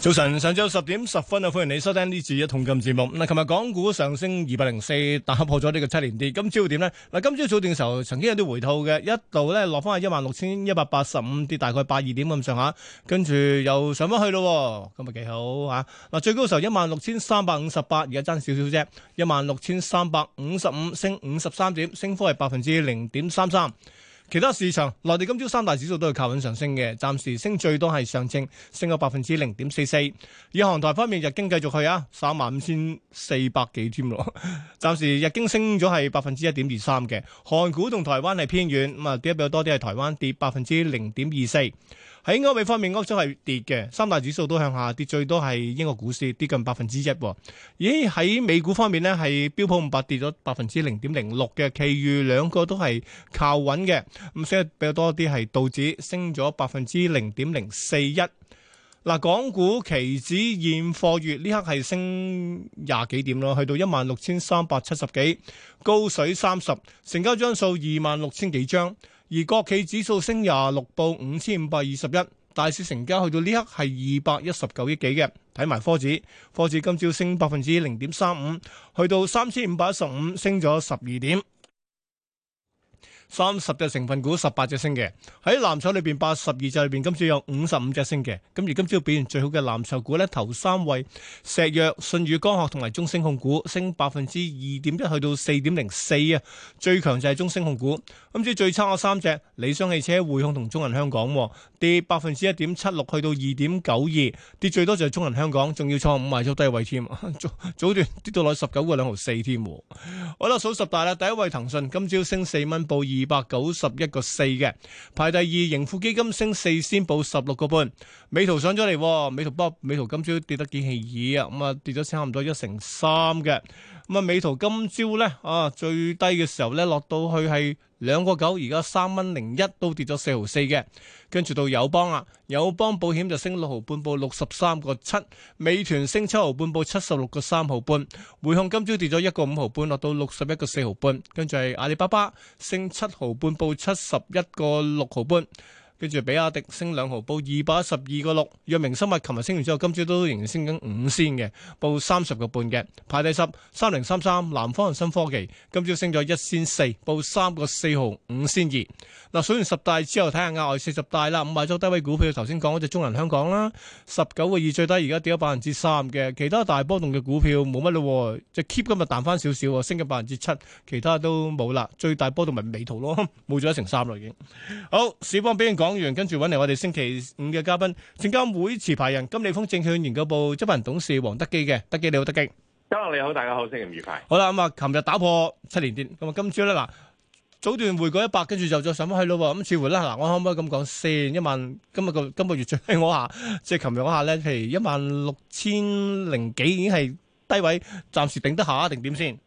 早晨，上晝十點十分啊，歡迎你收聽呢次一桶金節目。嗱，琴日港股上升二百零四，打破咗呢個七年跌。今朝點呢？嗱，今朝早段嘅時候曾經有啲回吐嘅，一度咧落翻係一萬六千一百八十五，跌大概八二點咁上下，跟住又上翻去咯，哦。咁咪幾好吓？嗱，啊，最高嘅時候一萬六千三百五十八，而家差少少啫，一萬六千三百五十五，升五十三點，升幅係百分之零點三三。其他市場，內地今朝三大指數都係靠穩上升嘅，暫時升最多係上證，升咗百分之零點四四。以韓台方面，日經繼續去啊，三萬五千四百幾添咯。暫時日經升咗係百分之一點二三嘅，韓股同台灣係偏軟，咁啊跌得比較多啲係台灣，跌百分之零點二四。喺歐美方面，歐洲係跌嘅，三大指數都向下跌，最多係英國股市，跌近百分之一。咦，喺美股方面呢，係標普五百跌咗百分之零點零六嘅，其餘兩個都係靠穩嘅。咁所以比較多啲係道指升咗百分之零點零四一。嗱，港股期指現貨月呢刻係升廿幾點咯，去到一萬六千三百七十幾，高水三十，成交張數二萬六千幾張。而國企指數升廿六，報五千五百二十一。大市成交去到呢刻係二百一十九億幾嘅。睇埋科指，科指今朝升百分之零點三五，去到三千五百一十五，升咗十二點。三十隻成分股，十八隻升嘅。喺藍籌裏邊，八十二隻裏邊，今朝有五十五隻升嘅。咁而今朝表現最好嘅藍籌股呢，頭三位石藥、舜宇光學同埋中升控股，升百分之二點一，去到四點零四啊。最強就係中升控股。今朝最差嘅三隻，理想汽車、匯控同中銀香港，啊。1> 跌百分之一點七六，去到二點九二，跌最多就係中入香港，仲要創五日咗低位添，早早段跌到落十九個兩毫四添。好啦，數十大啦，第一位騰訊今朝升四蚊，報二百九十一個四嘅，排第二盈富基金升四先報十六個半。美圖上咗嚟，美圖波，美圖今朝跌得幾起耳啊？咁啊跌咗差唔多一成三嘅，咁啊美圖今朝咧啊最低嘅時候咧落到去係。兩個九，而家三蚊零一，都跌咗四毫四嘅，跟住到友邦啊，友邦保險就升六毫半，報六十三個七；美團升七毫半，報七十六個三毫半。匯控今朝跌咗一個五毫半，落到六十一個四毫半。跟住係阿里巴巴升七毫半，報七十一個六毫半。跟住比亞迪升兩毫，報二百一十二個六。藥明生物琴日升完之後，今朝都仍然升緊五仙嘅，報三十個半嘅。排第十，三零三三，南方恒生科技今朝升咗一仙四，報三個四毫五仙二。嗱，數完十大之後，睇下額外四十大啦。五買咗低位股票，頭先講嗰隻中銀香港啦，十九個二最低，而家跌咗百分之三嘅。其他大波動嘅股票冇乜咯，就 keep 今日彈翻少少，升咗百分之七，其他都冇啦。最大波動咪美圖咯，冇咗一成三啦已經。好，小況俾你講？講完跟住揾嚟，我哋星期五嘅嘉賓，證監會持牌人、金利豐證券研究部執行董事黃德基嘅，德基你好，德基，今日你好，大家好，星期五愉快。好啦，咁、嗯、啊，琴日打破七連跌，咁、嗯、啊，今朝咧嗱，早段回過一百，跟住就再上翻去咯。咁次回咧，嗱，我可唔可以咁講先？一萬，今日個今個月最低，我下即係琴日嗰下咧，譬如一萬六千零幾，已經係低位，暫時頂得下定點先。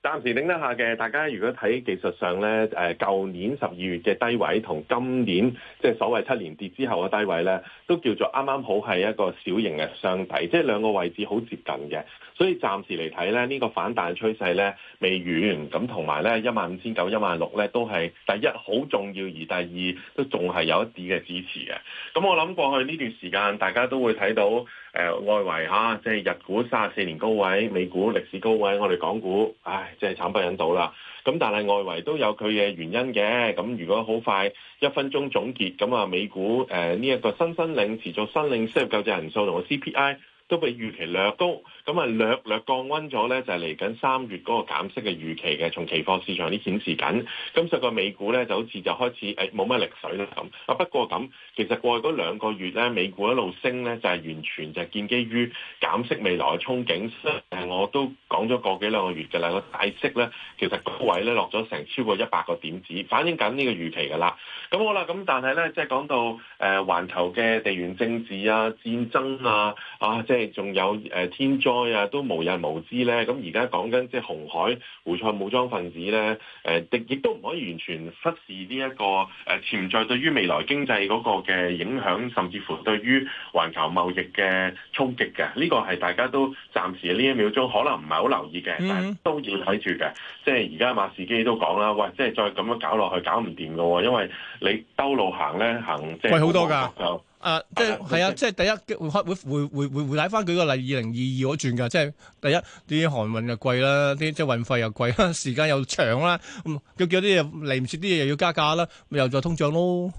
暫時頂得下嘅，大家如果睇技術上咧，誒舊年十二月嘅低位同今年即係、就是、所謂七年跌之後嘅低位咧，都叫做啱啱好係一個小型嘅雙底，即、就、係、是、兩個位置好接近嘅，所以暫時嚟睇咧，呢、這個反彈趨勢咧未完，咁同埋咧一萬五千九、一萬六咧都係第一好重要，而第二都仲係有一啲嘅支持嘅。咁我諗過去呢段時間，大家都會睇到。誒、呃、外圍嚇，即係日股三十四年高位，美股歷史高位，我哋港股，唉，真係慘不忍睹啦。咁但係外圍都有佢嘅原因嘅。咁如果好快一分鐘總結，咁啊美股呢一、呃這個新申領持續申領失業救濟人數同埋 CPI。都比預期略高，咁啊略略降溫咗咧，就係嚟緊三月嗰個減息嘅預期嘅，從期貨市場啲顯示緊。咁實個美股咧就好似就開始誒冇乜力水啦咁。啊不過咁，其實過去嗰兩個月咧，美股一路升咧，就係、是、完全就係建基於減息未來嘅憧憬。誒我都講咗個幾兩個月嘅啦，個大息咧其實高位咧落咗成超過一百個點子，反映緊呢個預期噶啦。咁好啦，咁但係咧即係講到誒環、呃、球嘅地緣政治啊、戰爭啊、啊即仲有、呃、天災啊，都無日無之咧。咁而家講緊即係紅海胡塞武裝分子咧，亦、呃、都唔可以完全忽視呢一個潛在對於未來經濟嗰個嘅影響，甚至乎對於環球貿易嘅衝擊嘅。呢、呢個係大家都暫時呢一秒鐘可能唔係好留意嘅，嗯、但都要睇住嘅。即係而家馬士基都講啦，喂，即係再咁樣搞落去搞唔掂㗎喎，因為你兜路呢行咧行即係貴好多㗎。啊，即係啊，啊嗯、即係第一會會會會回睇翻舉個例，二零二二我轉噶，即係第一啲韓運又貴啦，啲即係運費又貴啦，時間又長啦，咁、嗯、佢叫啲嘢嚟唔切啲嘢又要加價啦，咪又再通脹咯。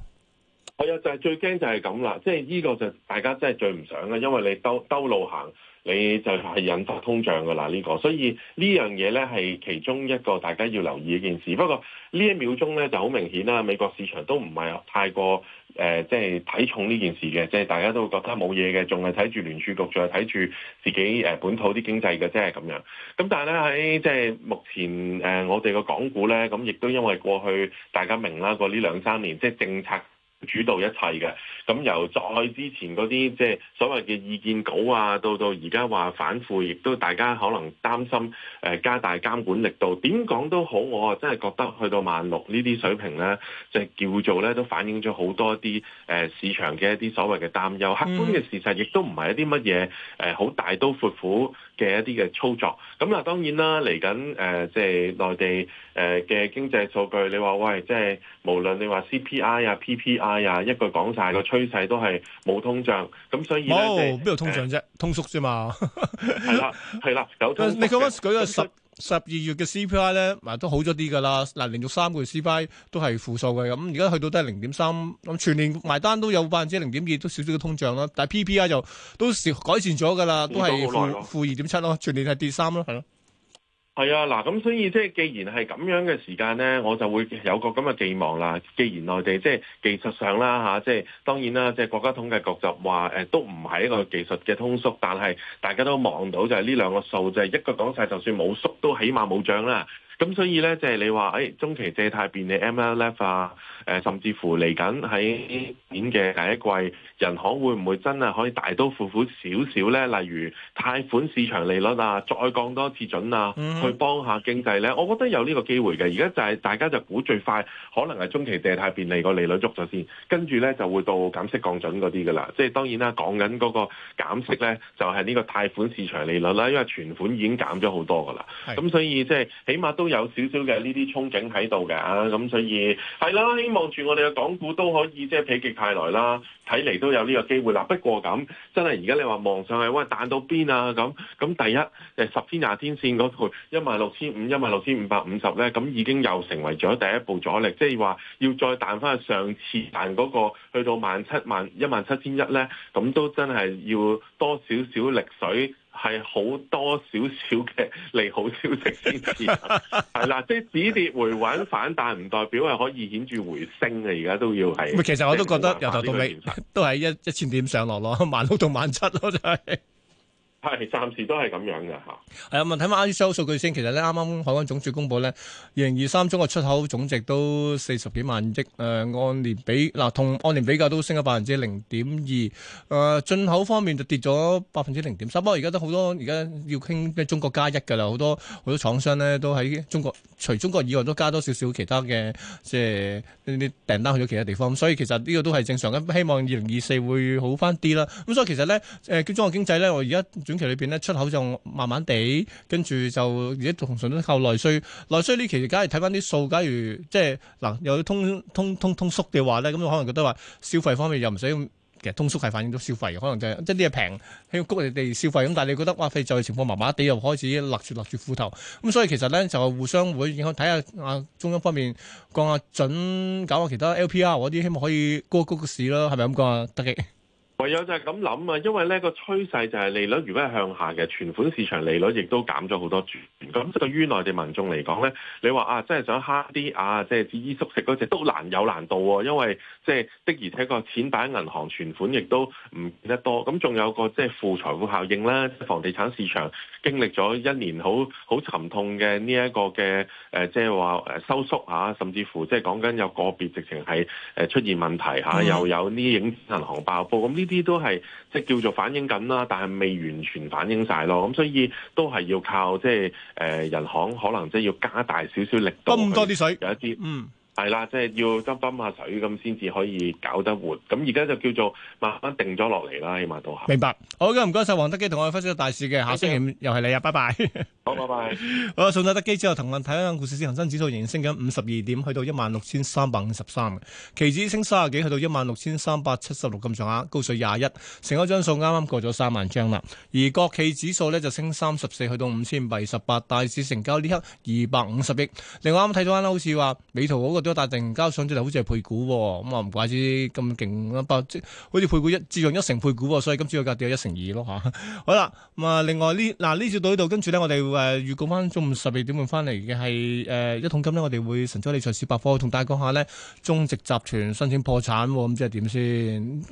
係啊，就係最驚就係咁啦，即係呢個就大家真係最唔想嘅，因為你兜兜路行。你就係引發通脹㗎啦，呢個，所以這東西呢樣嘢咧係其中一個大家要留意嘅件事。不過呢一秒鐘咧就好明顯啦，美國市場都唔係太過誒，即係睇重呢件事嘅，即係大家都覺得冇嘢嘅，仲係睇住聯儲局，仲係睇住自己誒本土啲經濟嘅啫咁樣。咁但係咧喺即係目前誒我哋嘅港股咧，咁亦都因為過去大家明啦，過呢兩三年即係政策。主導一切嘅，咁由再之前嗰啲即係所謂嘅意見稿啊，到到而家話反腐，亦都大家可能擔心誒加大監管力度。點講都好，我真係覺得去到萬六呢啲水平咧，係、即係、叫做咧都反映咗好多啲誒市場嘅一啲所謂嘅擔憂。嗯、客觀嘅事實亦都唔係一啲乜嘢誒好大刀闊斧。嘅一啲嘅操作，咁啊，當然啦，嚟緊誒即係內地誒嘅、呃、經濟數據，你話喂，即、就、係、是、無論你話 CPI 啊、PPI 啊，一句講晒個趨勢都係冇通脹，咁所以咧冇邊度通脹啫，通縮啫嘛，係啦係啦，有你講一舉個十。十二月嘅 CPI 咧，嗱都好咗啲㗎喇，嗱連續三個月 CPI 都係負數嘅，咁，而家去到都係零點三，咁全年埋單都有百分之零點二，都少少嘅通脹啦。但係 PPI 就都改善咗㗎喇，都係負負二點七囉，全年係跌三囉，係囉。係啊，嗱咁所以即係既然係咁樣嘅時間咧，我就會有個咁嘅寄望啦。既然內地即係技術上啦吓、啊，即係當然啦，即係國家統計局就話誒、呃、都唔係一個技術嘅通縮，但係大家都望到就係呢兩個數，就係、是、一個講晒，就算冇縮都起碼冇漲啦。咁所以咧，即係你話，誒、哎、中期借貸便利 MLF 啊、呃，甚至乎嚟緊喺年嘅第一季，人行會唔會真係可以大刀闊斧少少咧？例如貸款市場利率啊，再降多次準啊，去幫下經濟咧？我覺得有呢個機會嘅。而家就係大家就估最快可能係中期借貸便利個利率捉咗先，跟住咧就會到減息降準嗰啲噶啦。即、就、係、是、當然啦，講緊嗰個減息咧，就係、是、呢個貸款市場利率啦、啊，因為存款已經減咗好多噶啦。咁的所以即係起碼都。有少少嘅呢啲憧憬喺度嘅，咁所以係啦，希望住我哋嘅港股都可以即係否極泰來啦。睇嚟都有呢個機會啦。不過咁真係而家你話望上去，喂，彈到邊啊？咁咁，第一誒十天廿天線嗰套一萬六千五、一萬六千五百五十咧，咁已經又成為咗第一步阻力，即係話要再彈翻去上次彈嗰個，去到萬七萬、一萬七千一咧，咁都真係要多少少力水。係好多少少嘅利好消息先至，係啦， 即係止跌回穩，反彈，唔代表係可以顯著回升嘅，而家都要係。其實我都覺得由頭到尾都係一一千點上落咯，就係，萬六到萬七咯，就係。係暫時都係咁樣嘅吓，係啊、嗯，問睇翻 I Show 數據先。其實咧，啱啱海關總署公布咧，二零二三中國出口總值都四十幾萬億，誒、呃，按年比嗱同、呃、按年比較都升咗百分之零點二。誒、呃，進口方面就跌咗百分之零點三。不過而家都好多，而家要傾中國加一㗎啦，好多好多廠商咧都喺中國，除中國以外都加多少少其他嘅，即係呢啲訂單去咗其他地方。所以其實呢個都係正常嘅，希望二零二四會好翻啲啦。咁所以其實咧，誒、呃，中國經濟咧，我而家。短期裏面咧，出口就慢慢地，跟住就而且同常都靠內需。內需呢期，而家係睇翻啲數。假如即係嗱有通通通通縮嘅話咧，咁可能覺得話消費方面又唔使，其實通縮係反映到消費可能就係即係啲嘢平，望谷你哋消費。咁但係你覺得哇，就再情況麻麻地又開始勒住勒住褲頭。咁所以其實咧就互相會影響。睇下阿中央方面降下準，搞下其他 LPR 嗰啲，希望可以高個股市咯。係咪咁講啊？得嘅。唯有就係咁諗啊，因為咧、呢個趨勢就係利率如果係向下嘅，存款市場利率亦都減咗好多。咁對於內地民眾嚟講咧，你話啊，真係想慳啲啊，即係節衣縮食嗰隻都難有難度喎。因為即係、就是、的而且確錢擺喺銀行存款亦都唔見得多。咁仲有個即係、就是、負財富效應啦，房地產市場經歷咗一年好好沉痛嘅呢一個嘅即係話收縮啊，甚至乎即係講緊有個別直情係出現問題啊，又有呢啲影子銀行爆煲咁呢？啲都係即係叫做反映緊啦，但係未完全反映晒咯，咁所以都係要靠即係誒、呃、人行可能即係要加大少少力度，咁多啲水，有一啲嗯。係啦，即係要執返下水咁，先至可以搞得活。咁而家就叫做慢慢定咗落嚟啦，起碼都。明白，好嘅，唔該晒，黃德基同我哋分析個大市嘅，下星期五又係你啊，吧拜拜。好，拜拜。好，送咗德基之後，同我睇下股市先，恒生指數仍然升緊五十二點，去到一萬六千三百五十三嘅，期指升三十幾，去到一萬六千三百七十六咁上下，高水廿一，成交張數啱啱過咗三萬張啦。而國企指數咧就升三十四，去到五千八十八，大市成交呢刻二百五十億。另外啱啱睇咗啱啦，好似話美圖嗰個。但定交上，哦，之係好似係配股咁啊，唔怪之咁勁，好似配股一至用一成配股，哦，所以今次嘅價跌咗一成二咯吓。 好啦，咁啊，另外，啊、次次呢嗱呢到呢度跟住呢我哋誒、呃、預告翻中午十二點半翻嚟嘅係誒一桶金呢，我哋會神州理財小百科同大家講下呢，中植集團申請破產，哦、咁、嗯、即係點先？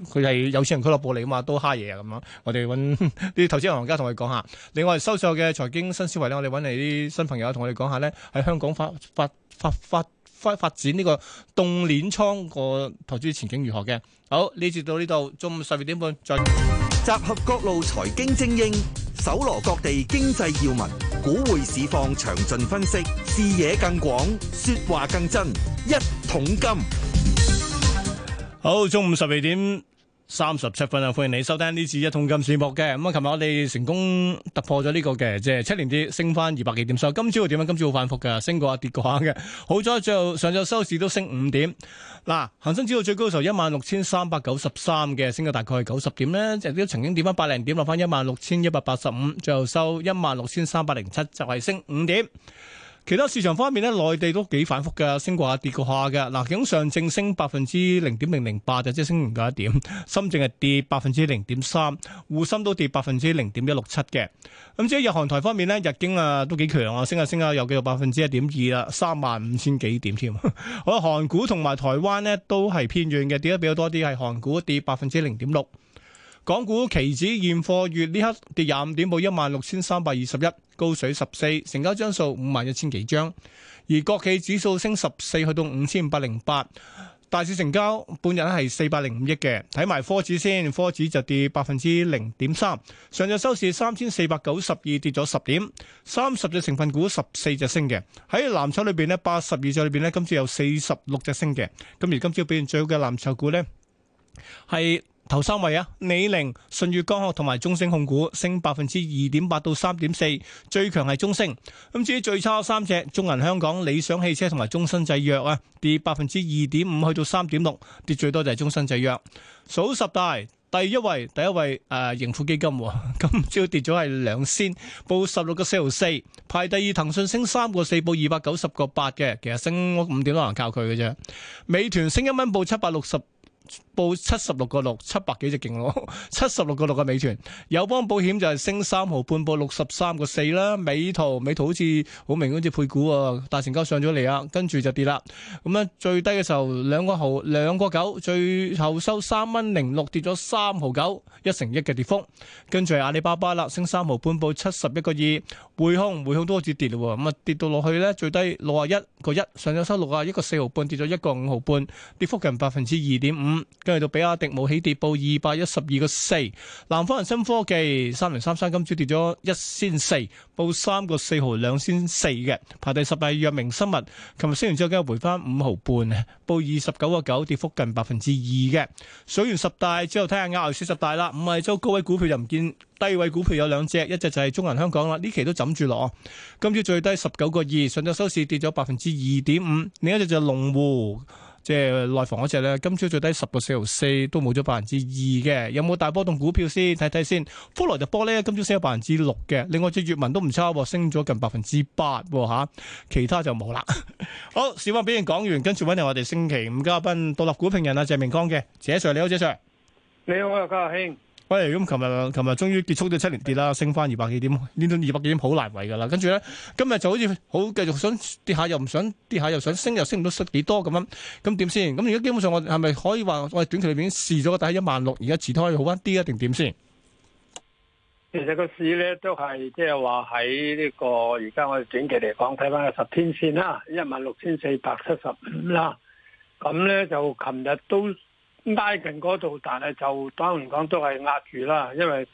佢係有錢人俱樂部嚟嘛，都蝦嘢啊咁樣。我哋搵啲投資銀行家同佢講下。另外收數嘅財經新思維呢，我哋搵嚟啲新朋友同我哋講下呢，喺香港發發發發。發發發發展呢個凍鏈倉個投資前景如何嘅？好，呢節到呢度，中午十二點半再集合各路財經精英，搜羅各地經濟要聞，股匯市況詳盡分析，視野更廣，說話更真。一桶金，好，中午十二點。三十七分啊！歡迎你收聽呢次一桶金市目嘅咁啊！琴日我哋成功突破咗呢、這個嘅，即係七年跌升翻二百幾點收。今朝又點啊？今朝好反覆嘅，升過下跌過下嘅，好彩。最後上晝收市都升五點。嗱，恒生指數最高嘅時候一萬六千三百九十三嘅，升到大概九十點咧，即係都曾經跌翻百零點，落翻一萬六千一百八十五，最後收一萬六千三百零七，就係升五點。其他市場方面咧，內地都幾反覆嘅，升過下跌過下嘅。嗱，總上證升百分之零點零零八就即係升唔夠一點。深證係跌百分之零點三，滬深都跌百分之零點一六七嘅。咁至於日韓台方面呢，日經啊都幾強啊，升下升啊又幾度百分之一點二啦，三萬五千幾點添。好啦，韓股同埋台灣呢都係偏軟嘅，跌得比較多啲，係韓股跌百分之零點六。港股期指現貨月呢刻跌廿五點，報一萬六千三百二十一，高水十四，成交張數五萬一千幾張。而國企指數升十四，去到五千五百零八。大市成交半日咧係四百零五億嘅。睇埋科指先，科指就跌百分之零點三。上日收市三千四百九十二，跌咗十點。三十隻成分股十四隻升嘅，喺藍籌裏面呢，八十二隻裏面呢，今次有四十六隻升嘅。咁而今朝表現最好嘅藍籌股呢，係。頭三位啊，李寧、舜宇光學同埋中升控股，升百分之二點八到三點四，最強係中升。咁至於最差三隻，中銀香港、理想汽車同埋中生製藥啊，跌百分之二點五去到三點六，跌最多就係中生製藥。數十大第一位，第一位誒、呃、盈富基金，哦、今朝跌咗係兩仙，報十六個四毫四。排第二騰訊升三個四，報二百九十個八嘅，其實升五點都難教佢嘅啫。美團升一蚊，報七百六十。報七十六個六，七百幾隻勁咯，七十六個六嘅美團，友邦保險就係升三毫半報六十三個四啦，美圖美圖好似好明好似配股啊，大成交上咗嚟啊，跟住就跌啦，咁啊最低嘅時候兩個毫兩個九，最後收三蚊零六跌咗三毫九，一成一嘅跌幅，跟住阿里巴巴啦，升三毫半報七十一個二，匯控，匯控都好似跌喇喎。咁啊跌到落去呢，最低六啊一個一，上咗收六啊一個四毫半，跌咗一個五毫半，跌幅近百分之二點五。跟住到比亞迪冇起跌，報二百一十二個四。南方恒生科技三零三三，今朝跌咗一仙四，報三個四毫兩仙四嘅，排第十係。藥明生物琴日升完之後回回 5. 5, 9,，今日回翻五毫半，報二十九個九，跌幅近百分之二嘅。數完十大之後，睇下亞牛四十大啦。五十周高位股票就唔見，低位股票有兩隻，一隻就係中銀香港啦，呢期都枕住落。今朝最低十九個二，上晝收市跌咗百分之二點五。另一隻就係龍湖。即係內房嗰隻咧，今朝最低十個四毫四，都冇咗百分之二嘅。有冇大波動股票先？睇睇先。福萊特玻咧，今朝升咗百分之六嘅。另外隻月文都唔差，升咗近百分之八吓。其他就冇啦。 好，小馬俾完講完，跟住揾嚟我哋星期五嘉賓獨立股評人啊謝明江嘅。謝 Sir 你好，謝 Sir。你好，我係嘉興。喂，咁琴日，琴日終於結束咗七連跌啦，升翻二百幾點，呢度二百幾點好難為噶啦。跟住咧，今日就好似好繼續想跌下，又唔想跌下，又想升，又升唔到失幾多咁樣，咁點先？咁如果基本上我係咪可以話，我哋短期裏邊試咗個底一萬六，而家持托可以好翻啲啊，定點先？其實個市咧都係即係話喺呢個，而家我哋短期嚟講，睇翻個十天線啦，一萬六千四百七十五啦，咁咧就琴日都。拉近嗰度，但係就當然講都係壓住啦，因為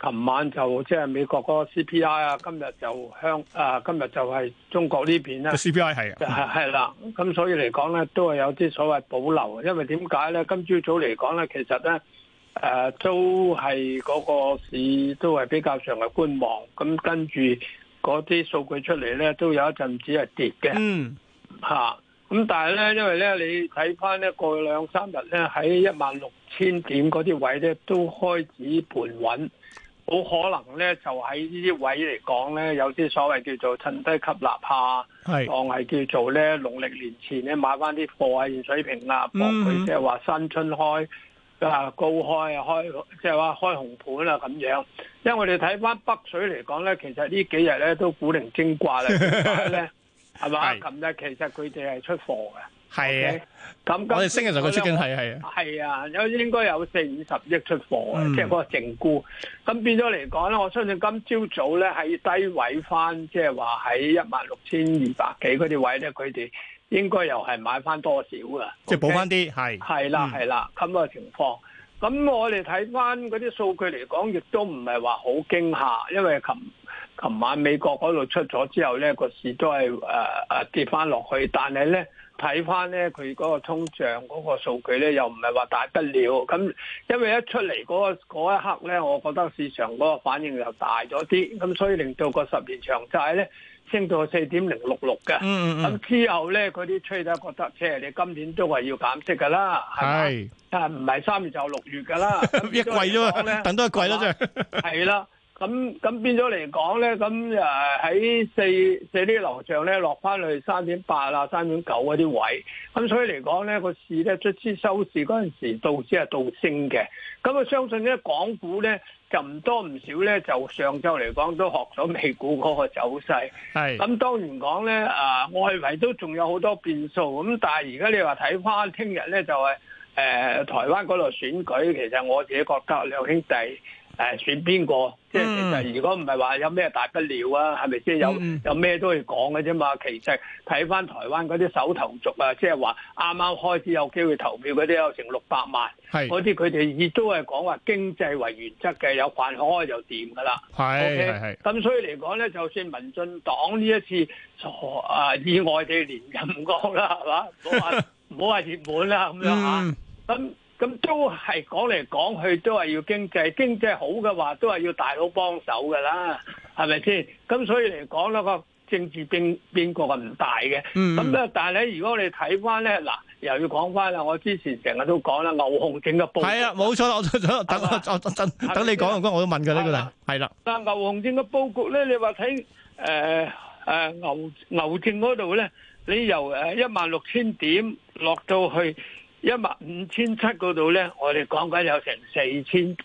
琴晚就即係美國嗰個 CPI 啊，今日就香啊，今日就係中國呢邊啦。CPI 係啊，係啦，咁所以嚟講咧，都係有啲所謂保留，因為點解咧？今朝早嚟講咧，其實咧誒、呃、都係嗰個市都係比較長嘅觀望，咁跟住嗰啲數據出嚟咧，都有一陣子係跌嘅，嚇。Mm. 咁但係咧，因為咧，你睇翻咧，過去兩三日咧，喺一萬六千點嗰啲位咧，都開始盤穩，好可能咧，就喺呢啲位嚟講咧，有啲所謂叫做趁低吸納下，當係是叫做咧農曆年前咧買翻啲貨啊，鹽水瓶啊，幫佢即係話新春開啊高開啊開，即係話開紅盤啊咁樣。因為我哋睇翻北水嚟講咧，其實幾呢幾日咧都古靈精怪啊，咧？ 係嘛？琴日是其實佢哋係出貨嘅，係嘅的。咁我哋星期日個出境係，係啊，係啊，有應該有四五十億出貨嘅，嗯、即係嗰個淨沽。咁變咗嚟講咧，我相信今朝早咧喺低位翻，即係話喺一萬六千二百幾嗰啲位咧，佢哋應該又係買翻多少嘅，即、okay? 係補翻啲係。係啦，係啦的，咁嘅、嗯那個、情況。咁我哋睇翻嗰啲數據嚟講，亦都唔係話好驚嚇，因為琴。琴晚美國嗰度出咗之後咧，個市都係誒、呃啊、跌翻落去，但係咧睇翻咧佢嗰個通脹嗰個數據咧，又唔係話大不了咁，因為一出嚟嗰嗰一刻咧，我覺得市場嗰個反應又大咗啲，咁所以令到個十年長債咧升到四點零六六嘅，嗯咁、嗯、之後咧佢啲吹得覺得，即係你今年都係要減息㗎啦，係是，但係唔係三月就六月㗎啦， 一季啫等多一季啦， 就係，係啦。咁咁變咗嚟講咧，咁喺四四啲樓上咧落翻去三點八啦、三點九嗰啲位，咁所以嚟講咧個市咧出先收市嗰陣時，道指係倒升嘅。咁啊相信咧，港股咧就唔多唔少咧，就上週嚟講都學咗美股嗰個走勢。咁是當然講咧啊，外圍都仲有好多變數。咁但係而家你話睇翻聽日咧就係、是、誒、呃、台灣嗰度選舉，其實我自己覺得兩兄弟。誒，選邊個？即係其實如果唔係話有咩大不了啊？係咪即先有有咩都可以講嘅啫嘛？其實睇返台灣嗰啲首投族啊，即係話啱啱開始有機會投票嗰啲有成六百萬，係嗰啲佢哋亦都係講話經濟為原則嘅，有飯開就掂噶啦。係係係。咁 okay? 所以嚟講咧，就算民進黨呢一次，啊意外地連任過啦，係嘛？唔好話唔好話熱門啦咁樣吓。咁、嗯。咁都係講嚟講去都係要經濟，經濟好嘅話都係要大佬幫手噶啦，係咪先？咁所以嚟講咧，個政治變變局係唔大嘅。咁咧，但係咧，如果你睇翻咧，嗱，又要講翻啦。我之前成日都講啦，牛熊證嘅布局，係啊，冇錯啦。等我，等你講完嗰，我都問過呢個啦，係啦。但係牛熊證嘅布局咧，你話睇誒誒牛牛證嗰度咧，你由誒一萬六千點落到去。一萬五千七嗰度咧，我哋講緊有成四千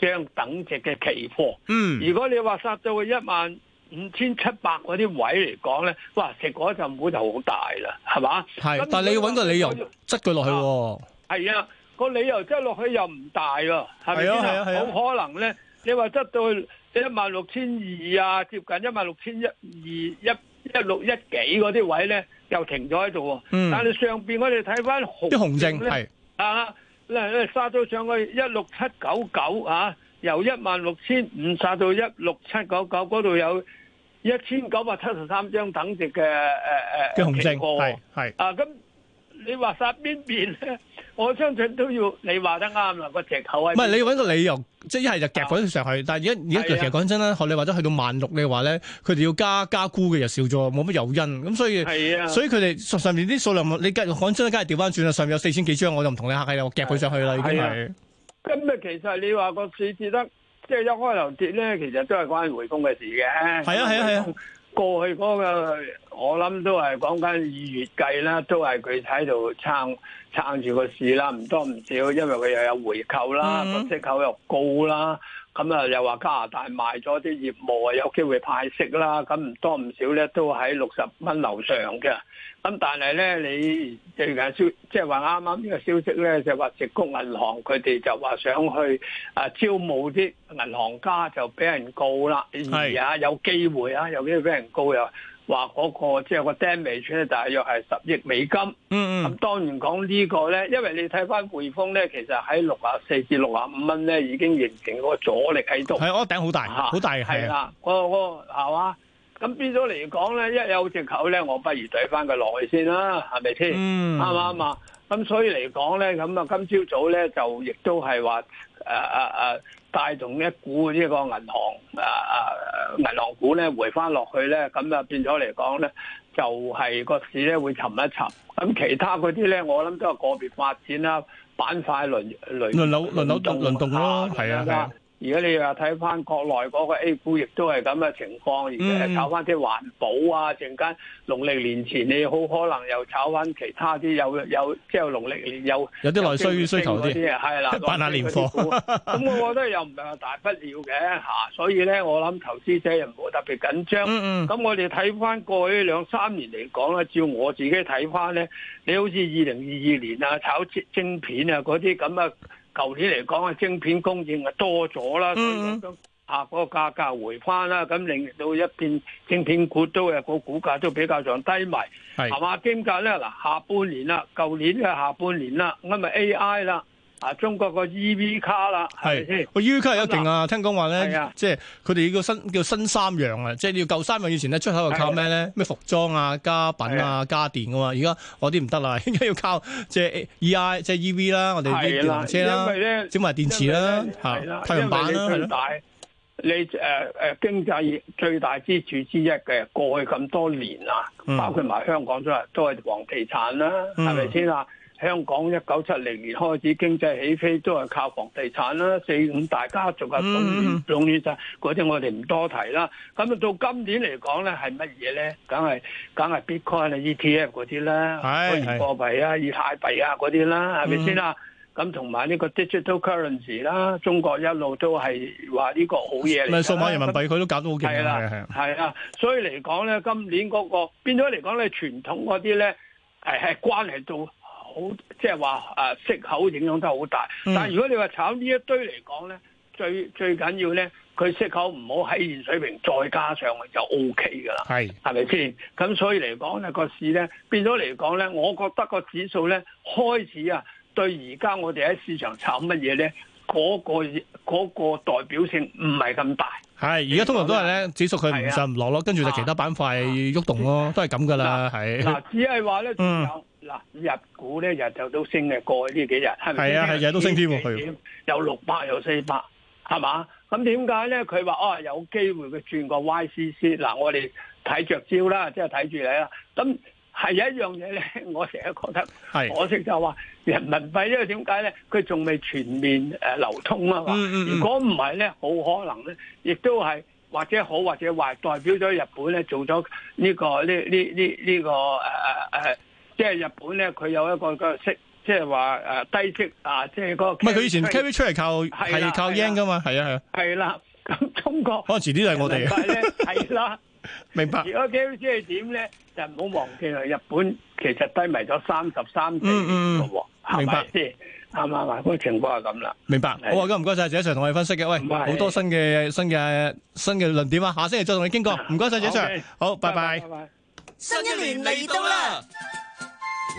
張等值嘅期貨。嗯，如果你話殺到去一萬五千七百嗰啲位嚟講咧，哇！食果就唔會就好大啦，係嘛？係。但係你要揾個理由，執佢落去。係啊，啊啊個理由執落去又唔大喎，係咪？好可能咧，你話執到去一萬六千二啊，接近一萬六千一二一、一六一幾嗰啲位咧。又停咗喺度，但係上邊我哋睇返啲紅證咧，啊，嗱，殺到上去一六七九九啊，由一萬六千五殺到一六七九九，嗰度有一千九百七十三張等值嘅誒誒嘅紅證，係係，啊，咁你話殺邊邊咧？我相信都要你話得啱啦，個藉口係。唔係你揾個理由，即係一係就夾佢上去。但係而家而家其實講真啦，學你話齋，去到萬六嘅話咧，佢哋要加加估嘅又少咗，冇乜誘因。咁所以，所以佢哋上上面啲數量，你講真咧，梗係調翻轉啦。上面有四千幾張，我就唔同你客氣啦，我夾佢上去啦已經。咁咪其實你話個市跌得，即係一開頭跌咧，其實都係關於回攻嘅事嘅。係啊係啊係啊，過去講嘅。我諗都係講緊二月計啦，都係佢喺度撐撐住個市啦，唔多唔少，因為佢又有回購啦，個、mm hmm. 息口又高啦，咁啊又話加拿大賣咗啲業務啊，有機會派息啦，咁唔多唔少咧都喺六十蚊樓上㗎。咁但係咧，你最近消即係話啱啱呢個消息咧，就話直股銀行佢哋就話想去啊招募啲銀行家，就俾人告啦，啊有機會啊，有機會俾人告又。話嗰、那個即係、就是、個 damage 咧，大約係十億美金。嗯嗯。咁當然講呢、這個咧，因為你睇翻滙豐咧，其實喺六啊四至六啊五蚊咧，已經形成個阻力喺度。係啊，頂好大吓，好、啊、大嘅。係啦、啊啊，我我係嘛，咁變咗嚟講咧，一有借口咧，我不如懟翻佢落去先啦，係咪先？嗯。係啱啊？咁所以嚟講咧，咁啊，今朝早咧就亦都係話。誒誒誒，帶動一股呢個銀行誒誒銀行股咧回翻落去咧，咁啊變咗嚟講咧，就係個市咧會沉一沉。咁其他嗰啲咧，我諗都係個別發展啦，板塊輪輪輪流輪流輪動啦，係啊。如果你又睇翻國內嗰個 A 股，亦都係咁嘅情況，而家、嗯、炒翻啲環保啊，陣間農曆年前，你好可能又炒翻其他啲有有即係、就是、農曆年有有啲內需需求啲，係啦，辦下的年貨。咁 我覺得又唔係話大不了嘅嚇，所以咧我諗投資者又唔好特別緊張。咁、嗯嗯、我哋睇翻過去兩三年嚟講咧，照我自己睇翻咧，你好似二零二二年啊，炒晶晶片啊嗰啲咁啊～舊年嚟講啊，晶片供應啊多咗啦，所以都下個價格回翻啦，咁令到一片晶片股都係個股價都比較上低迷，係嘛是？金價咧嗱，下半年啦，舊年嘅下半年啦，咁咪 A I 啦。啊！中國個 EV 卡啦，係個 EV 卡係一定啊！聽講話咧，即係佢哋叫新叫新三樣啊！即係你要舊三樣，以前咧出口又靠咩咧？咩服裝啊、家品啊、家電噶嘛？而家嗰啲唔得啦，而家要靠即係 EI 即係 EV 啦，我哋啲電動車啦。整埋電池啦，嚇太陽板啦。你誒誒經濟最大支柱之一嘅過去咁多年啊，包括埋香港都係都係房地產啦，係咪先啊？香港一九七零年開始經濟起飛，都係靠房地產啦，四五大家族啊，壟壟斷曬嗰啲，嗯、那些我哋唔多提啦。咁啊，到今年嚟講咧，係乜嘢咧？梗係梗係 Bitcoin 啊、coin, ETF 嗰啲啦，美元貨幣啊、是以太幣啊嗰啲啦，係咪先啦？咁同埋呢個 Digital Currency 啦，中國一路都係話呢個好嘢嚟。咪數碼人民幣佢都搞到好勁啊！係啦的，係啊，所以嚟講咧，今年嗰、那個變咗嚟講咧，傳統嗰啲咧係係關係到。即係話誒息口影響得好大，但係如果你話炒呢一堆嚟講咧，最最緊要咧，佢息口唔好喺現水平，再加上去就 O K 噶啦，係係咪先？咁所以嚟講咧個市咧變咗嚟講咧，我覺得個指數咧開始啊，對而家我哋喺市場炒乜嘢咧，嗰、嗰個、嗰個代表性唔係咁大。係而家通常都係咧，指數佢唔上唔落咯，啊、跟住就其他板塊喐動咯，啊啊、都係咁噶啦，係、啊。嗱是，只係話咧仲嗱，日股咧日就都升嘅，過呢幾日係咪啊？係日日都升添喎，佢有六百，有四百，係嘛？咁點解咧？佢話哦，有機會佢轉個 YCC、啊。嗱，我哋睇着招啦，即係睇住你啦。咁係有一樣嘢咧，我成日覺得可惜，我成日就話人民幣呢，因為點解咧？佢仲未全面、呃、流通啊嘛。嗯嗯嗯，如果唔係咧，好可能咧，亦都係或者好或者壞，代表咗日本咧做咗呢、這個呢呢呢呢個、這個這個呃呃即係日本咧，佢有一個個息，即係話誒低息啊！即係嗰個唔係佢以前 carry 出嚟靠係靠 yen 噶嘛，係啊係。係啦，咁中國遲啲就係我哋。係啦，明白。如果 carry 即係點咧，就唔好忘記日本其實低迷咗三十三四年，明白啱啱啊？嗰個情況係咁啦。明白。好啊，咁唔該晒謝 Sir 同我哋分析嘅，喂，好多新嘅新嘅新嘅論點啊！下星期再同你傾過。唔該晒謝 Sir，好，拜拜。拜拜。新一年嚟到啦！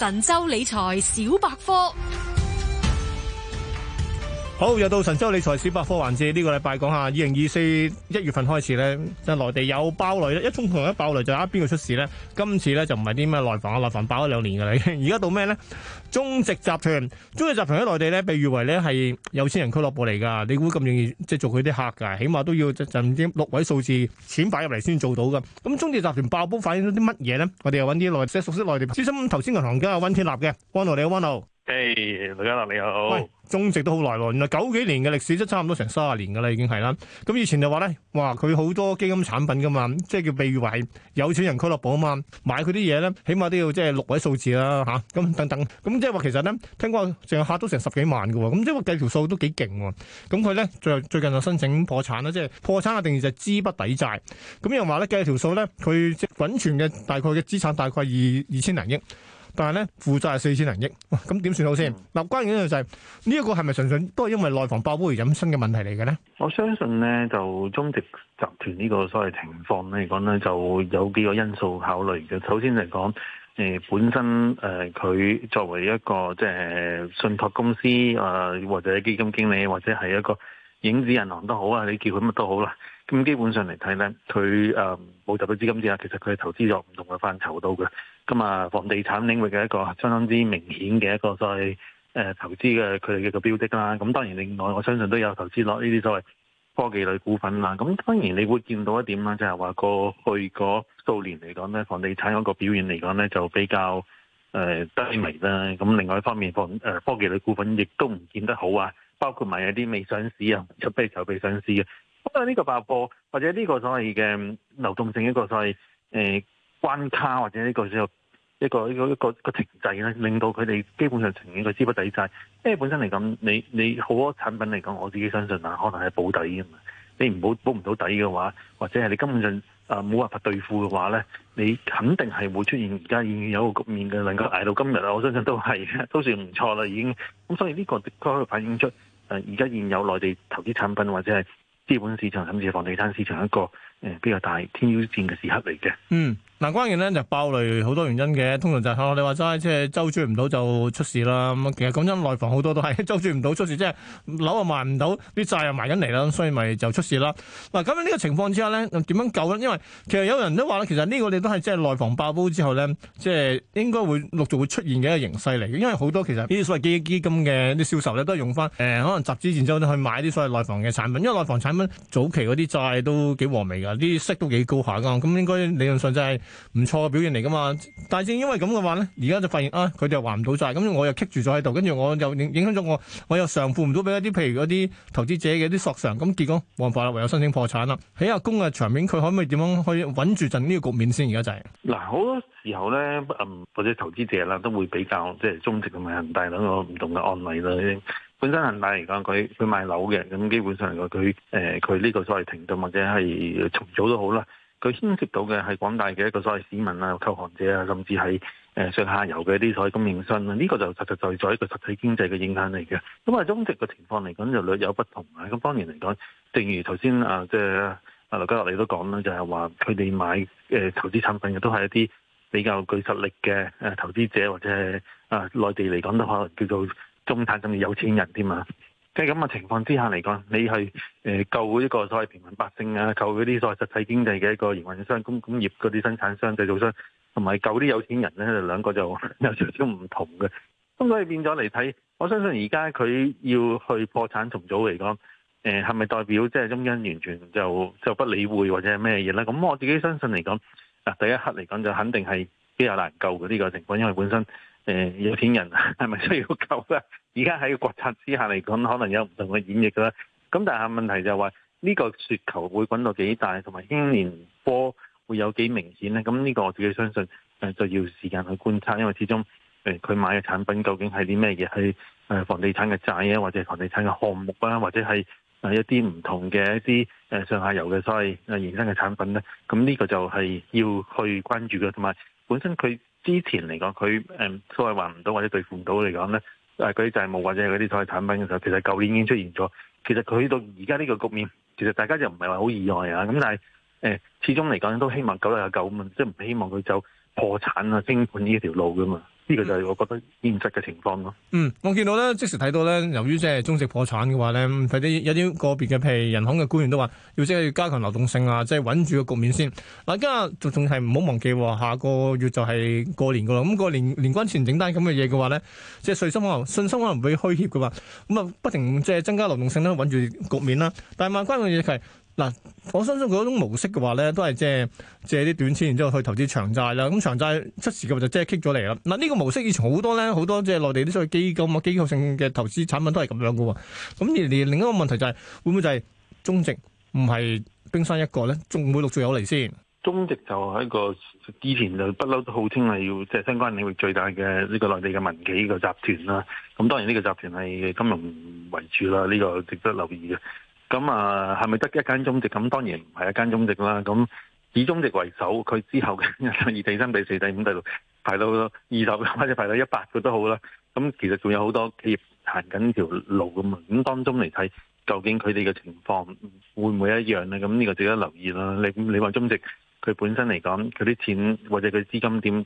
神州理財小百科。好又到神州理財師百科環節，呢個禮拜講下。二零二四一月份開始咧，就係內地有爆雷。咧，一沖紅一爆雷就啊，邊個出事咧？今次咧就唔係啲咩內房啊、內房爆咗兩年噶啦，而家到咩咧？中植集團，中植集團喺內地咧，被譽為咧係有錢人俱樂部嚟噶，你估咁容易即係做佢啲客噶？起碼都要就就唔知六位數字錢擺入嚟先做到噶。咁中植集團爆煲反映咗啲乜嘢咧？我哋又揾啲內熟悉內地資深，頭先銀行家温天立嘅，温導你好，温導。李家樂你好，中植都好耐喎，原來九幾年嘅歷史都差唔多成三十年噶啦，已經係啦。咁以前就話咧，哇佢好多基金產品噶嘛，即係叫被譽為有錢人俱樂部啊嘛，買佢啲嘢咧，起碼都要即係六位數字啦咁、啊、等等，咁、嗯、即係話其實咧，聽講淨係蝦都成十幾萬㗎喎，咁即係話計條數都幾勁喎。咁佢咧最最近就申請破產啦，即係破產嘅定義就係資不抵債。咁又話咧計條數咧，佢即係滾存嘅大概嘅資產大概二二千零億。但係咧，負債係四千零億，咁點算好先？嗱、就是，關鍵就係呢一個係咪純粹都係因為內房爆煲而引申嘅問題嚟嘅咧？我相信咧，就中植集團呢個所謂情況嚟講咧，就有幾個因素考慮嘅。首先嚟講，誒、呃、本身誒佢、呃、作為一個即係、呃、信託公司、呃、或者基金經理，或者係一個影子銀行都好啊，你叫佢乜都好啦。咁基本上嚟睇咧，佢誒冇集到資金之下，其實佢係投資咗唔同嘅範疇度嘅。咁啊，房地產領域嘅一個相當之明顯嘅一個所謂、呃、投資嘅佢哋嘅個標的啦。咁當然另外我相信都有投資落呢啲所謂科技類股份啦。咁當然你會見到一點啦，就係、是、話過去嗰數年嚟講咧，房地產嗰個表現嚟講咧就比較誒、呃、低迷啦。咁另外一方面，房、呃、誒科技類股份亦都唔見得好啊。包括埋有啲未上市啊，出邊籌備上市嘅。不過呢個爆破，或者呢個所謂嘅流動性一個所謂誒、呃、關卡，或者呢、這個一個一個一個一個停滯咧，令到佢哋基本上呈現一個資不抵債，因為本身嚟講，你你好多產品嚟講，我自己相信啊，可能係保底嘅嘛。你唔好保唔到底嘅話，或者係你根本上啊冇辦法兌付嘅話咧，你肯定係會出現而家已經有個局面嘅，能夠捱到今日啊，我相信都係都算唔錯啦，已經咁。所以呢個的確可以反映出誒而家現有內地投資產品或者係。資本市場，甚至房地產市場。一個誒，比較大天挑戰嘅時刻嚟嘅。嗯，嗱、啊，關鍵咧就是、爆雷好多原因嘅，通常就我哋話齋，即係周轉唔到就出事啦。咁其實講真，內房好多都係周轉唔到出事，即係樓又賣唔到，啲債又埋緊嚟啦，所以咪就出事啦。嗱、啊，咁樣呢個情況之下咧，點樣救咧？因為其實有人都話咧，其實呢個你哋都係即係內房爆煲之後咧，即、就、係、是、應該會陸續會出現嘅一個形勢嚟嘅。因為好多其實啲所謂基金嘅啲銷售咧，都用翻誒、呃，可能集資完之後去買啲所謂內房嘅產品，因為內房產品早期嗰啲債都幾和味噶。啲息都幾高下噶，咁應該理論上就係唔錯嘅表現嚟噶嘛。但係正因為咁嘅話咧，而家就發現啊，佢哋還唔到債，咁我又棘住咗喺度，跟住我又影響咗我，我又償付唔到俾一啲譬如嗰啲投資者嘅啲索償，咁結果冇辦法啦，唯有申請破產啦。喺阿公嘅場面，佢可唔可以點樣去穩住陣呢個局面先？而家就係嗱，好多時候咧，嗯，或者投資者啦，都會比較即係中植同埋恒大兩個唔同嘅案例啦。本身恒大嚟講買，佢佢賣樓嘅，咁基本上嚟講，佢誒佢呢個所謂停頓或者係重組都好啦，佢牽涉到嘅係廣大嘅一個所謂市民啊、購行者啊，甚至係上下游嘅一啲所謂金融商啦，呢、這個就實實在在一個實體經濟嘅影響嚟嘅。咁啊，中值嘅情況嚟講就略有不同啊。咁當然嚟講，正如頭先啊，即係阿劉家樂你都講啦，就係話佢哋買投資產品嘅都係一啲比較具實力嘅投資者，或者係啊、呃、內地嚟講都可能叫做。中產甚至有錢人添啊！即係咁嘅情況之下嚟講，你係誒救嗰一個所謂平民百姓啊，救嗰啲所謂實體經濟嘅一個營運商、工工業嗰啲生產商、製造商，同埋救啲有錢人咧，兩個就有少少唔同嘅。咁所以變咗嚟睇，我相信而家佢要去破產重組嚟講，誒係咪代表即係中央完全就就不理會或者咩嘢咧？咁我自己相信嚟講，啊第一刻嚟講就肯定係比較難救嘅呢個情況，因為本身。誒、呃，有錢人係咪需要救咧？而家喺國策之下嚟講，可能有唔同嘅演繹噶啦。咁但係問題就係話呢、這個雪球會滾到幾大，同埋今年波會有幾明顯咧？咁呢個我自己相信，誒，就要時間去觀察，因為始終誒佢買嘅產品究竟係啲咩嘢？係誒房地產嘅債啊，或者是房地產嘅項目啊，或者係誒一啲唔同嘅一啲誒上下游嘅所謂誒延伸嘅產品咧。咁呢個就係要去關注嘅，同埋。本身佢之前嚟講，佢誒所謂還唔到或者兌付唔到嚟講咧，誒嗰啲債務或者嗰啲所謂產品嘅時候，其實舊年已經出現咗。其實佢到而家呢個局面，其實大家就唔係話好意外啊。咁但係誒、呃，始終嚟講都希望夠又九嘛，即係唔希望佢就破產啊、清盤呢一條路㗎嘛。呢個就係我覺得現實嘅情況咯。嗯，我見到咧，即時睇到咧，由於即係中植破產嘅話咧、嗯，有啲有啲個別嘅，譬如銀行嘅官員都話，要即係要加強流動性啊，即係穩住個局面先。嗱，今日仲仲係唔好忘記、啊，下個月就係過年噶啦。咁、那、過、個、年年關前整單咁嘅嘢嘅話咧，即係信心可能信心可能會虛怯嘅嘛。咁啊，不停即係增加流動性啦，穩住局面啦、啊。但係萬關嘅嘢係。嗱，我相信佢嗰種模式嘅話咧，都係借借啲短錢，然之後去投資長債啦。咁長債出事嘅話，就即係 kick 咗嚟啦。嗱，呢個模式以前好多咧，好多即係內地啲所謂基金啊、機構性嘅投資產品都係咁樣嘅喎。咁而另一個問題就係、是、會唔會就係中植唔係冰山一角咧？仲會陸續有嚟先？中植就係一個之前就不嬲都號稱係要即係、就是、相關領域最大嘅呢、這個內地嘅民企、這個集團啦。咁當然呢個集團係金融為主啦，呢、這個值得留意嘅。咁啊，係咪得一間中值？咁當然唔係一間中值啦。咁以中值為首，佢之後嘅 第二、第三、第四、第五、第六排到二十個或者排到一百個都好啦。咁其實仲有好多企業行緊條路嘅嘛。咁當中嚟睇，究竟佢哋嘅情況會唔會一樣咧？咁呢個值得留意啦。你你話中值佢本身嚟講，佢啲錢或者佢資金點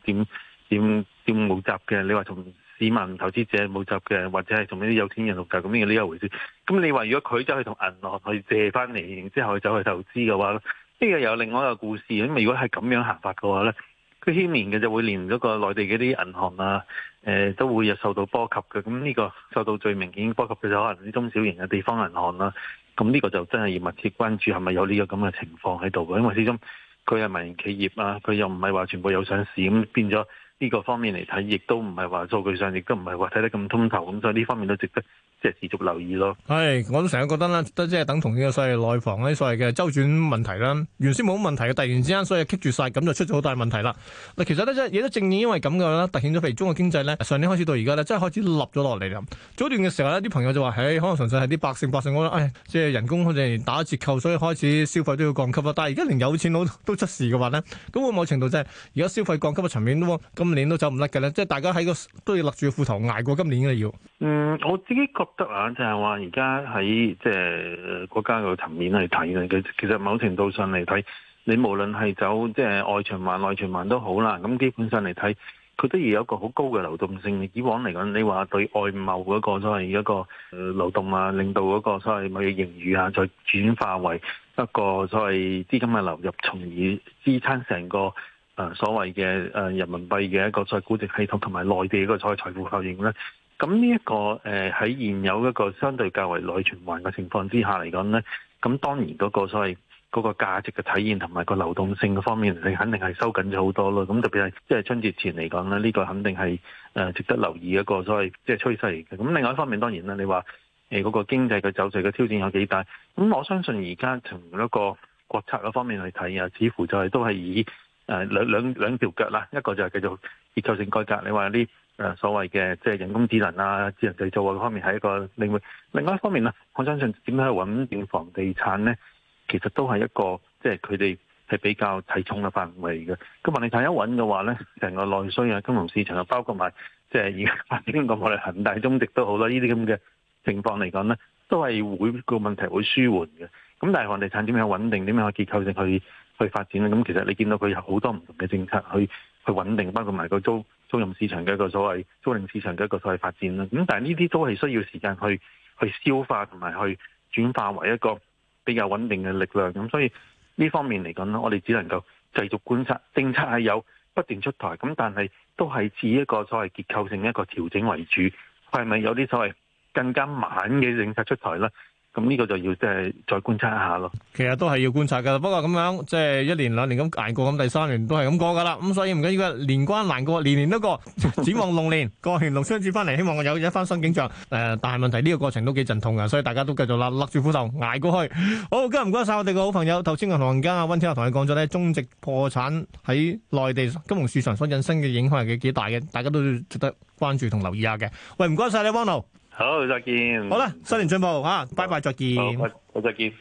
點點冇集嘅，你話從？市民、投資者冇集嘅，或者係同啲有錢人獨集咁，呢個呢一回事。咁你話如果佢走去同銀行去借翻嚟，然之後走去投資嘅話呢、呢個又有另外一個故事。因為如果係咁樣行法嘅話呢，佢牽連嘅就會連嗰個內地嗰啲銀行啊，誒、呃、都會受到波及嘅。咁呢個受到最明顯波及嘅就可能啲中小型嘅地方銀行啦。咁呢個就真係要密切關注係咪有呢個咁嘅情況喺度嘅，因為始終佢係民營企業啊，佢又唔係話全部有上市咁變咗。呢個方面嚟睇，亦都唔係話數據上，亦都唔係話睇得咁通透，咁所以呢方面都值得。即係持續留意咯。係， 我都成日覺得咧，都即係等同呢個所謂內房啲所謂嘅周轉問題啦。原先冇問題嘅，突然之間所以棘住晒，咁就出咗好大問題啦。嗱，其實咧，即係亦都正因為咁嘅啦，凸顯咗譬如中國經濟咧。上年開始到而家咧，真係開始立咗落嚟啦。早段嘅時候呢，啲朋友就話：唉、哎，可能純粹係啲百姓百姓覺得，唉、哎，即係人工好似打折扣，所以開始消費都要降級啦。但係而家連有錢佬都出事嘅話咧，咁喺某程度即係而家消費降級嘅層面都，今年都走唔甩嘅咧。即係大家喺個都要勒住褲頭捱過今年嘅要。嗯，我自己覺得啊！就係話，而家喺即係國家嘅層面去睇嘅，其實某程度上嚟睇，你無論係走即係外循環、內循環都好啦。咁基本上嚟睇，佢都要有一個好高嘅流動性。以往嚟講，你話對外貿嗰個所謂一個流動啊，令到嗰個所謂貿易盈餘啊，再轉化為一個所謂資金嘅流入，從而支撐成個誒所謂嘅誒人民幣嘅一個所謂估值系統同埋內地一個所謂財富效應咧。咁呢一個誒喺、呃、現有一個相對較為內循環嘅情況之下嚟講呢，咁當然嗰個所謂嗰個價值嘅體現同埋個流動性嘅方面，你肯定係收緊咗好多咯。咁特別係即係春節前嚟講呢，呢、呢個肯定係誒、呃、值得留意一個所謂即係、就是、趨勢嚟嘅。咁另外一方面當然啦，你話嗰、呃嗰個經濟嘅走勢嘅挑戰有幾大？咁我相信而家從一個國策嗰方面去睇啊，似乎就係都係以誒、呃、兩兩兩條腳啦，一個就係繼續結構性改革，你話呢。誒所謂嘅即係人工智能啊、智能製造啊嗰方面係一個，另外另外一方面啦。我相信點樣去穩定房地產咧，其實都係一個即係佢哋係比較睇重嘅範圍嘅。咁房地產一穩嘅話咧，成個內需啊、金融市場啊，包括埋即係而家發展我哋恒大中、中植都好啦，呢啲咁嘅情況嚟講咧，都係會個問題會舒緩嘅。咁但係房地產點樣去穩定、點樣去結構性，去去發展咧？咁其實你見到佢有好多唔同嘅政策去去穩定，包括埋個租。租賃市場嘅一個所謂租賃市場嘅一個所謂發展啦，咁但係呢啲都係需要時間去去消化同埋去轉化為一個比較穩定嘅力量，咁所以呢方面嚟講呢，我哋只能夠繼續觀察，政策係有不斷出台，咁但係都係指一個所謂結構性嘅一個調整為主，係咪有啲所謂更加慢嘅政策出台呢？咁呢個就要即係再觀察一下咯。其實都係要觀察㗎啦。不過咁樣即係、就是、一年兩年咁捱過，咁第三年都係咁過㗎啦。咁所以唔緊要個年關難過，年年都過。展望龍年，過年 龍春節翻嚟，希望我有一番新景象。呃、但係問題呢個過程都幾陣痛嘅，所以大家都繼續拉勒住斧頭捱過去。好，今日唔該晒我哋個好朋友頭先銀行家阿温添，同你講咗咧，中植破產喺內地金融市場所引申嘅影響係幾大嘅，大家都值得關注同留意下嘅。喂，唔該晒你，好，再見。好啦，新年進步啊！拜拜，再見。好，拜拜再見。